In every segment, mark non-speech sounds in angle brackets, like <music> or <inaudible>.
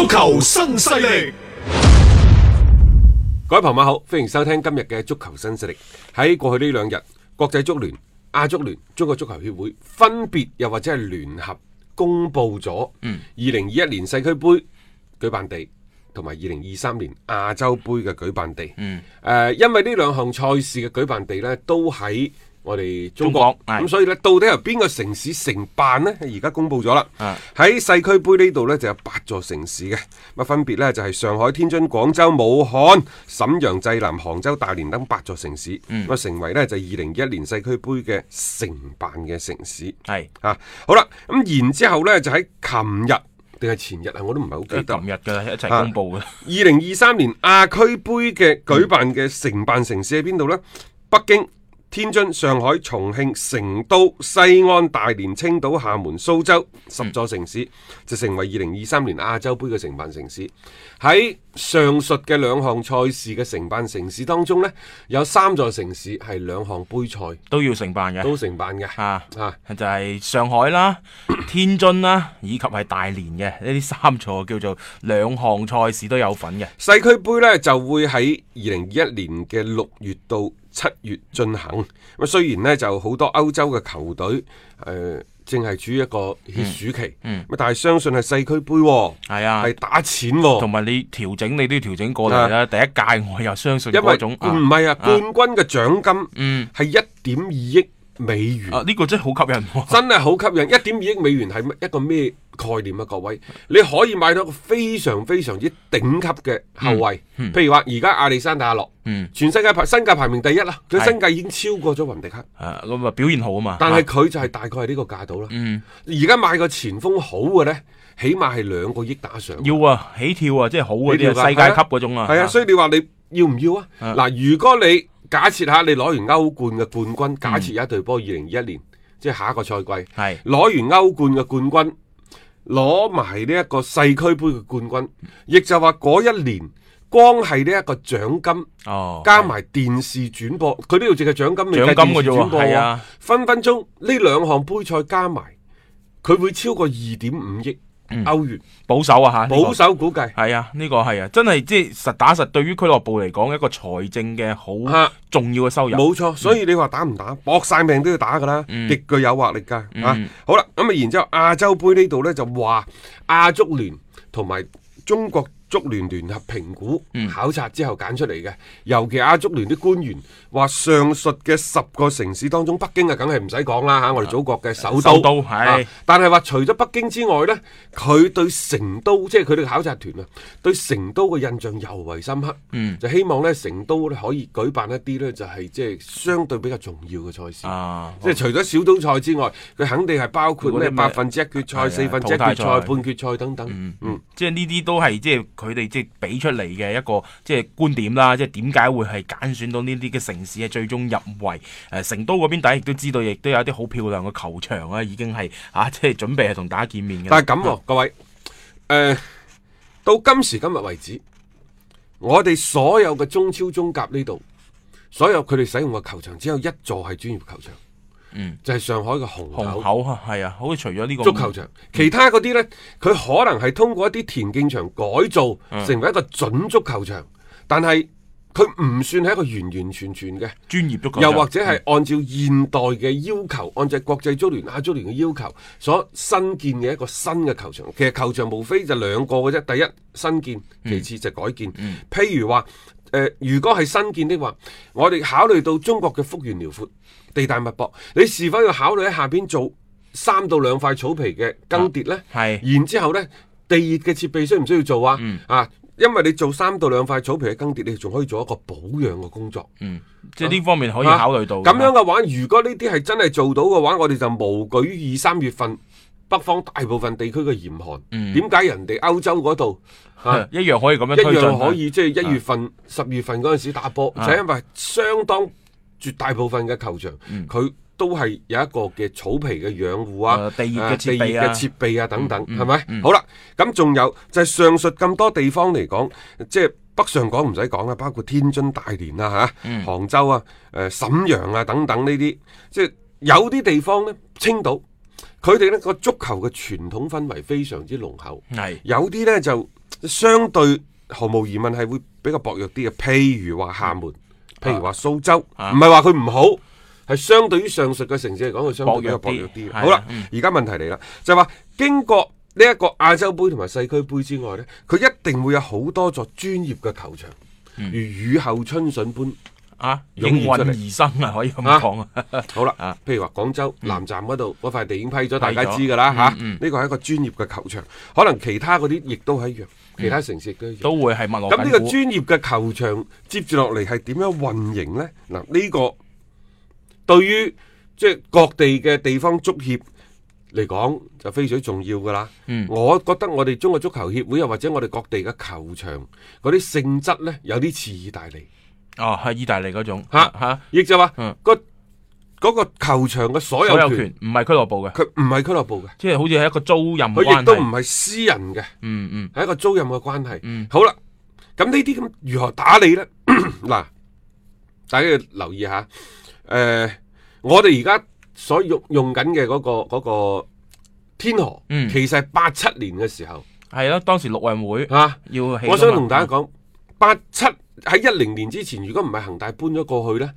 足球新勢力，各位朋友好，歡迎收聽今日嘅足球新勢力。喺過去呢兩日，國際足聯、亞足聯、中國足球協會分別又或者係聯合公布咗，嗯，二零二一年世俱杯舉辦地同埋二零二三年亞洲杯嘅舉辦地，嗯，誒，因為呢兩項賽事嘅舉辦地呢都喺。我哋中國咁、嗯，所以咧，到底由邊個城市承辦呢？而家公布咗啦。喺是世俱杯呢度呢，就有八座城市嘅，咁分別呢，就係、是、上海、天津、廣州、武漢、瀋陽、濟南、杭州、大連等八座城市，咁、嗯、成為呢，就係二零二一年世俱杯嘅承辦嘅城市。係是啊，好啦，咁、嗯、然之後咧就喺琴日定係前日啊？我都唔係好記得。琴日嘅一齊公布嘅。二零二三年亞俱杯嘅舉辦嘅承辦城市喺邊度呢？北京。北京天津、上海、重慶、成都、西安、大連、青島、廈門、蘇州，十座城市、嗯、就成為二零二三年亞洲杯嘅承辦城市。喺上述嘅兩項賽事嘅承辦城市當中呢，有三座城市係兩項杯賽都要承辦嘅，都承辦嘅啊啊，就係、是、上海啦、天津啦以及係大連嘅呢啲三座叫做兩項賽事都有份嘅。世俱杯呢就會喺二零二一年嘅六月到七月進行，咁啊雖然呢就好多歐洲嘅球隊，誒、呃、正係處於一個熱暑期，咁、嗯嗯、但係相信係世俱杯、哦，係啊，係打錢、哦，同埋你調整你都要調整過嚟啦。啊、第一屆我又相信嗰種，因為唔係啊，啊冠軍嘅獎金係一點二億美元啊！呢個真係好吸引，真係好吸引。一點二億美元係一個咩概念啊？各位，你可以買到個非常非常之頂級嘅後衛，譬如話而家亞歷山大阿諾，全世界排身價排名第一啦，佢身價已經超過咗雲迪克，咁啊表現好啊嘛。但係佢就係大概係呢個價度啦。而家買個前鋒好嘅咧，起碼係兩個億打上。要啊，起跳啊，即係好嘅起跳，世界級嗰種啊。係啊，所以你話你要唔要啊？嗱，如果你假設吓你攞完歐冠嘅冠軍，假設有一隊波二零二一年，即係下一個賽季，攞是完歐冠嘅冠軍，攞埋呢一個世俱杯嘅冠軍，亦就話嗰一年光係呢一個獎金、哦、金，哦，加埋電視轉播，佢呢度淨係獎金，獎金嘅啫喎，係啊，啊分分鐘呢兩項杯賽加埋，佢會超過二點五億。歐元、嗯、保守啊嚇，這個、保守估計係啊，呢、這個係啊，真係即係實打實對於俱樂部嚟講一個財政嘅好重要嘅收入。冇錯、啊，所以你話打唔打，搏晒、嗯、命都要打㗎啦，極具誘惑力㗎嚇。好啦、嗯，咁啊，嗯、然之後亞洲杯呢度呢，就話亞足聯同埋中國。足聯聯合評估、考察之後揀出嚟嘅，尤其亞足聯啲官員話，上述嘅十個城市當中，北京啊，梗係唔使講啦嚇，我哋祖國嘅首都，但係話除咗北京之外咧，佢對成都，即係佢哋嘅考察團啊，對成都嘅印象尤為深刻，就希望咧成都咧可以舉辦一啲咧就係即係相對比較重要嘅賽事，即係除咗小組賽之外，佢肯定係包括咩百分之一決賽、四分之一決賽、半決賽等等，嗯，即係呢啲都係即係。佢哋即係俾出嚟嘅一個即係觀點啦，即係點解會係揀選到呢啲嘅城市係最終入圍？誒、呃，成都嗰邊大家亦都知道，亦都有啲好漂亮嘅球場啊，已經係啊，即係準備係同大家見面嘅。但係咁喎，嗯、各位誒、呃，到今時今日為止，我哋所有嘅中超中甲呢度，所有佢哋使用嘅球場只有一座係專業球場。嗯，就係上海嘅虹口，係啊，好似除咗呢個足球場，其他嗰啲呢，佢可能係通過一啲田徑場改造，成為一個準足球場，但係佢唔算係一個完完全全嘅專業足球場，又或者係按照現代嘅要求，嗯、按照國際足聯、亞足聯嘅要求所新建嘅一個新嘅球場。其實球場無非就兩個嘅啫，第一新建，其次就改建。嗯嗯、譬如話。呃、如果係新建的話，我哋考慮到中國嘅幅員遼闊、地大物博。你是否要考慮喺下邊做三到兩塊草皮嘅更迭呢？係、啊，然之後咧，地熱嘅設備需唔需要做啊？嗯、啊，因為你做三到兩塊草皮嘅更迭，你仲可以做一個保養嘅工作。嗯，即係呢方面可以考慮到。咁、啊、樣嘅話，如果呢啲係真係做到嘅話，我哋就無懼於二三月份。北方大部分地區嘅嚴寒，點解人哋歐洲嗰度嚇一樣可以咁樣一樣可以即係一月份、十月份嗰陣時打波？就因為相當絕大部分嘅球場，佢都係有一個嘅草皮嘅養護啊、地熱嘅設備啊、等等，係咪？好啦，咁仲有就係上述咁多地方嚟講，即係北上廣唔使講啦，包括天津、大連啊、嚇、杭州啊、誒瀋陽啊等等呢啲，即係有啲地方呢，青島。佢哋呢個足球嘅傳統氛圍非常之濃厚，係是有啲呢就相對毫無疑問係會比較薄弱啲嘅，譬如話廈門，嗯、譬如話蘇州，唔係話佢唔好，係相對於上述嘅城市嚟講，佢相對比較薄弱啲。弱好啦了，而家、啊嗯、問題嚟啦，就係話經過呢一個亞洲杯同埋世俱杯之外呢，佢一定會有好多座專業嘅球場，如雨後春筍般。啊，應運而生啊，可以咁講啊。好啦，啊、譬如話廣州南、嗯、站嗰度嗰塊地已經批咗，大家知㗎啦嚇。呢個係一個專業嘅球場，可能其他嗰啲亦都係一樣。其他城市亦都一樣都會係麥樂。咁呢、嗯、個專業嘅球場接住落嚟係點樣運營呢？嗱、啊，呢、呢個對於即係、就是、各地嘅地方足協嚟講就非常重要㗎啦。嗯、我覺得我哋中國足球協會又或者我哋各地嘅球場嗰啲性質呢，有啲似意大利。哦，係意大利嗰種吓吓，亦就話個嗰個球場嘅所有權唔係俱樂部嘅，佢唔係俱樂部嘅，即係好似係一個租賃，佢亦都唔係私人嘅，嗯嗯，係一個租賃嘅關係。好啦，咁呢啲咁如何打理咧？嗱，大家要留意下，誒，我哋而家所用用緊嘅嗰個個天河，其實八七年嘅時候係咯，當時六運會吓要，我想同大家講八七。喺一零年之前，如果唔係恒大搬咗過去呢，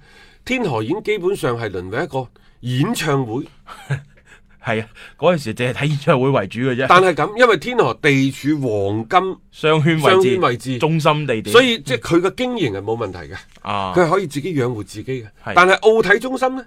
天河已經基本上係淪為一個演唱會。係 <laughs> 啊，嗰、那、陣、個、時淨係睇演唱會為主嘅啫。但係咁，因為天河地處黃金商圈位置、為中心地點，所以、嗯、即係佢嘅經營係冇問題嘅。啊，佢係可以自己養活自己嘅。啊、但係奧體中心呢？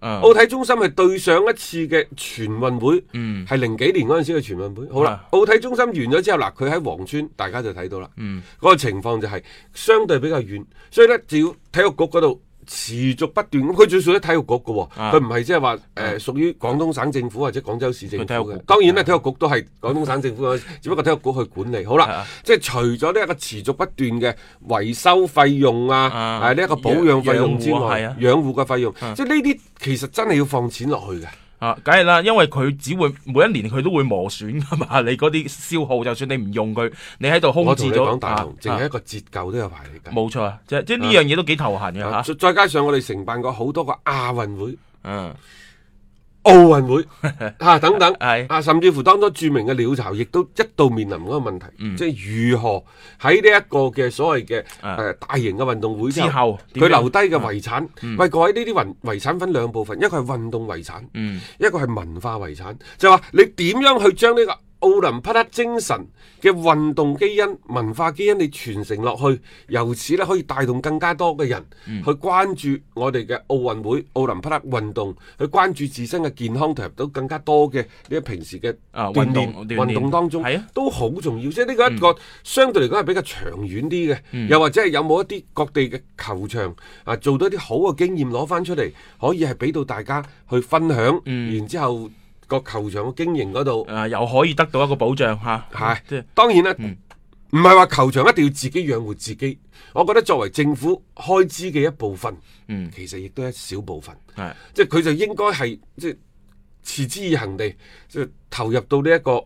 奧體中心係對上一次嘅全運會，係、嗯、零幾年嗰陣時嘅全運會。好啦，嗯、奧體中心完咗之後啦，佢喺黃村，大家就睇到啦。嗰、嗯、個情況就係相對比較遠，所以咧就要體育局嗰度。持續不斷咁，佢最衰體育局嘅，哦，佢唔係即係話誒，屬於廣東省政府或者廣州市政府嘅。體育局當然啦，啊，體育局都係廣東省政府，只不過體育局去管理。好啦，啊，即係除咗呢一個持續不斷嘅維修費用啊，誒呢一個保養費用之外，養護嘅，啊啊，費用，啊，即係呢啲其實真係要放錢落去嘅。啊，梗係啦，因為佢只會每一年佢都會磨損噶嘛，你嗰啲消耗，就算你唔用佢，你喺度空置咗啊，淨係一個折舊都有排嘅。冇錯、啊啊，即、啊、即呢樣嘢都幾頭痕嘅吓。再加上我哋承辦過好多個亞運會，嗯、啊。奧運會啊等等，啊甚至乎當初著名嘅鳥巢，亦都一度面臨嗰個問題，嗯、即係如何喺呢一個嘅所謂嘅誒大型嘅運動會之後，佢留低嘅遺產。喂、啊，嗯、各位呢啲遺遺產分兩部分，一個係運動遺產，嗯、一個係文化遺產，就話、係、你點樣去將呢、這個？奧林匹克精神嘅運動基因、文化基因，你傳承落去，由此咧可以帶動更加多嘅人、嗯、去關注我哋嘅奧運會、奧林匹克運動，去關注自身嘅健康，投入到更加多嘅呢個平時嘅啊運動運動當中，啊、都好重要。即係呢個一個、嗯、相對嚟講係比較長遠啲嘅，嗯、又或者係有冇一啲各地嘅球場啊，做到啲好嘅經驗攞翻出嚟，可以係俾到大家去分享，嗯、然之後。個球場嘅經營嗰度，誒、呃、又可以得到一個保障吓，係、啊是嗯、當然啦，唔係話球場一定要自己養活自己，我覺得作為政府開支嘅一部分，嗯，其實亦都係一小部分，係、嗯、即係佢就應該係即係持之以恒地即係投入到呢一個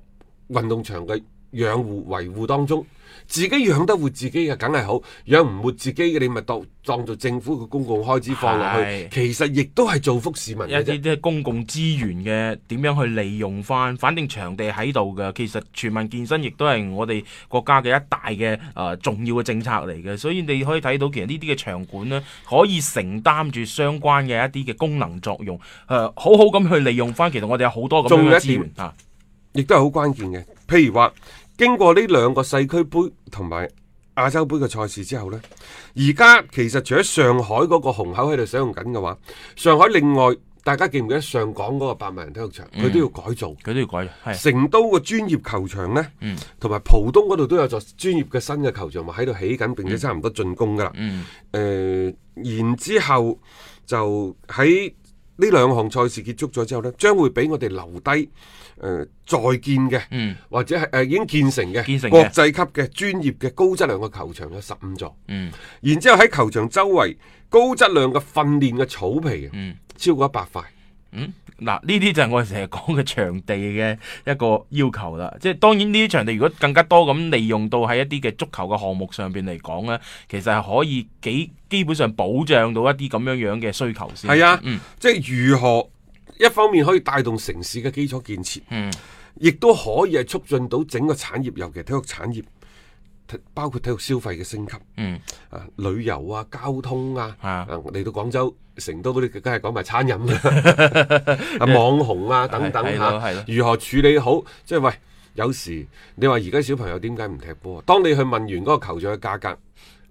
運動場嘅。養護維護當中，自己養得活自己嘅梗係好，養唔活自己嘅你咪當當作政府嘅公共開支放落去，是其實亦都係造福市民。一啲啲公共資源嘅點樣去利用翻，反正場地喺度嘅，其實全民健身亦都係我哋國家嘅一大嘅誒、呃、重要嘅政策嚟嘅，所以你可以睇到其實呢啲嘅場館呢可以承擔住相關嘅一啲嘅功能作用，誒、呃、好好咁去利用翻。其實我哋有好多咁資源啊，亦都係好關鍵嘅。譬如話。經過呢兩個世俱杯同埋亞洲杯嘅賽事之後呢，而家其實除咗上海嗰個虹口喺度使用緊嘅話，上海另外大家記唔記得上港嗰個八萬人體育場，佢、嗯、都要改造，佢都要改。是成都個專業球場呢，同埋、嗯、浦東嗰度都有座專業嘅新嘅球場，話喺度起緊，並且差唔多竣工噶啦。誒、嗯嗯呃，然之後就喺。呢兩項賽事結束咗之後呢，將會俾我哋留低，誒再建嘅，呃嗯、或者係誒、呃、已經建成嘅國際級嘅專業嘅高質量嘅球場有十五座，嗯、然之後喺球場周圍高質量嘅訓練嘅草皮，嗯、超過一百塊。嗯，嗱，呢啲就係我哋成日講嘅場地嘅一個要求啦。即係當然呢啲場地如果更加多咁利用到喺一啲嘅足球嘅項目上邊嚟講咧，其實係可以幾基本上保障到一啲咁樣樣嘅需求先。係啊，嗯，即係如何一方面可以帶動城市嘅基礎建設，嗯，亦都可以係促進到整個產業，尤其體育產業。包括體育消費嘅升級，嗯啊，旅遊啊，交通啊，嚟、啊啊、到廣州、成都嗰啲，梗係講埋餐飲 <laughs> 啊，網紅啊，啊等等吓，係咯如何處理好？即係喂，有時你話而家小朋友點解唔踢波？當你去問完嗰個球場嘅價格，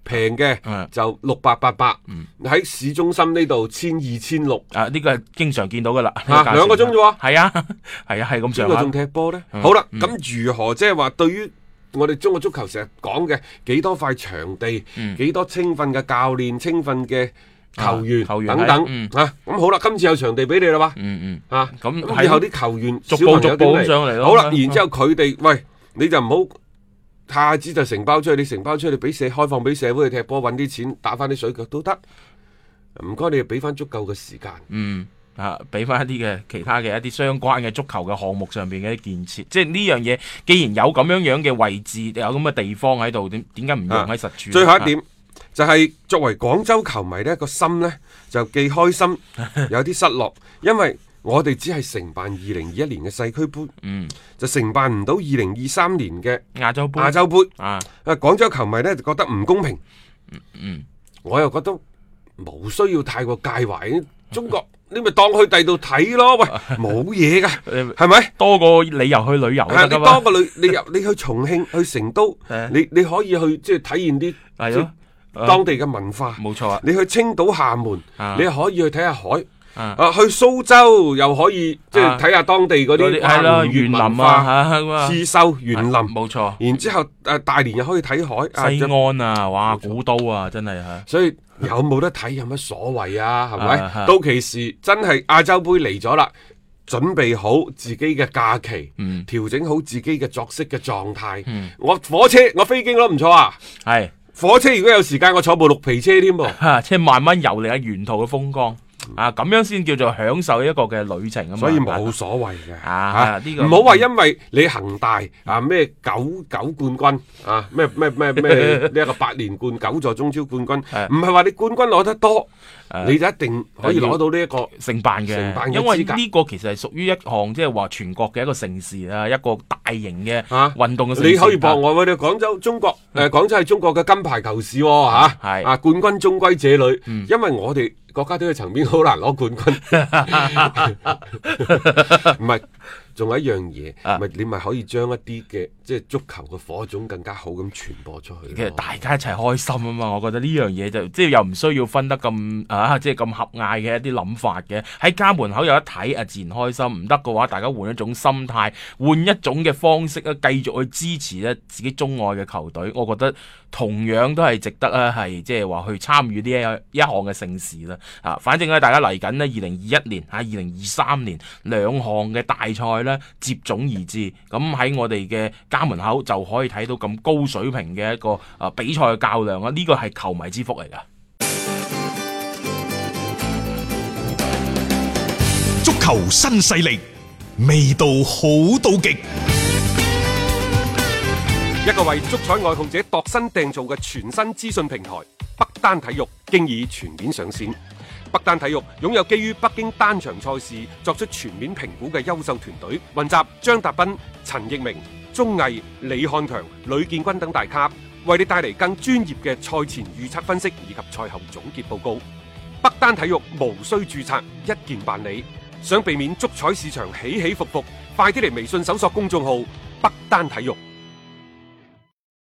平嘅就六百八百，喺市中心呢度千二千六啊，呢、這個係經常見到噶啦，吓、這個啊、兩個鐘啫喎，係啊係、嗯嗯、啊係咁上下，仲、嗯嗯、踢波咧？嗯嗯、好啦，咁如何即係話對於？我哋中國足球成日講嘅幾多塊場地，幾多青訓嘅教練、青訓嘅球員球員等等吓，咁好啦。今次有場地俾你啦嘛，吓，咁以後啲球員逐步逐步上嚟。好啦，然之後佢哋喂，你就唔好一下子就承包出去。你承包出去，俾社開放俾社會去踢波，揾啲錢打翻啲水腳都得。唔該，你俾翻足夠嘅時間。啊！俾翻一啲嘅其他嘅一啲相關嘅足球嘅項目上面嘅一啲建設，即係呢樣嘢，既然有咁樣樣嘅位置，有咁嘅地方喺度，點點解唔用喺實處，啊？最後一點，啊，就係作為廣州球迷呢個心呢，就幾開心有啲失落， <laughs> 因為我哋只係承辦二零二一年嘅世俱杯，嗯，就承辦唔到二零二三年嘅亞洲亞洲盃啊！啊，廣州球迷呢就覺得唔公平，嗯，我又覺得冇需要太過介懷，中國。 <laughs> 你咪當去第二度睇咯。喂，冇嘢噶，係咪？多個理由去旅遊啊，得噶嘛？多個旅，你你去重慶、去成都，你你可以去即係體驗啲當地嘅文化，冇錯啊！你去青島、廈門，你可以去睇下海，啊，去蘇州又可以即係睇下當地嗰啲園林啊，刺繡園林，冇錯。然之後誒，大連又可以睇海，西安啊，哇，古都啊，真係吓，所以。 <laughs> 有冇得睇有乜所謂啊？係咪？啊啊、到其時真係亞洲盃嚟咗啦，準備好自己嘅假期，調、嗯、整好自己嘅作息嘅狀態。嗯、我火車我飛機都唔錯啊！係是火車如果有時間，我坐部綠皮車添噃，車、啊、即係、慢慢遊嚟下沿途嘅風光。啊，咁樣先叫做享受一個嘅旅程啊嘛，所以冇所謂嘅啊，呢個唔好話，因為你恆大啊咩九九冠軍啊咩咩咩咩呢一個八連冠九座中超冠軍，唔係話你冠軍攞得多，你就一定可以攞到呢一個承辦嘅，因為呢個其實係屬於一項即係話全國嘅一個城市，啊，一個大型嘅運動嘅。你可以博我，我哋廣州中國誒，廣州係中國嘅金牌球市吓，係啊冠軍終歸這裏，因為我哋。國家隊嘅層面好難攞冠軍，唔係。仲有一樣嘢，咪、啊、你咪可以將一啲嘅即係足球嘅火種更加好咁傳播出去。其實大家一齊開心啊嘛！我覺得呢樣嘢就即係又唔需要分得咁啊，即係咁狹隘嘅一啲諗法嘅。喺家門口有得睇啊，自然開心。唔得嘅話大家換一種心態換一種嘅方式啦，繼續去支持咧自己鍾愛嘅球隊，我覺得同樣都係值得啦，係即係話去參與呢一項嘅盛事啦。啊，反正咧大家嚟緊咧，二零二一年嚇，二零二三年兩項嘅大賽咧。接踵而至，咁喺我哋嘅家門口就可以睇到咁高水平嘅一個啊比賽嘅較量啊！呢、這個係球迷之福嚟㗎。足球新勢力味道好到極，一個為足彩愛好者度身訂造嘅全新資訊平台北單體育，經已全面上線。北單體育擁有基於北京單場賽事作出全面評估嘅優秀團隊，雲集張達斌、陳奕明、鍾毅、李漢強、呂建軍等大咖，為你帶嚟更專業嘅賽前預測分析以及賽後總結報告。北單體育無需註冊，一鍵辦理。想避免足彩市場起起伏伏，快啲嚟微信搜索公眾號北單體育。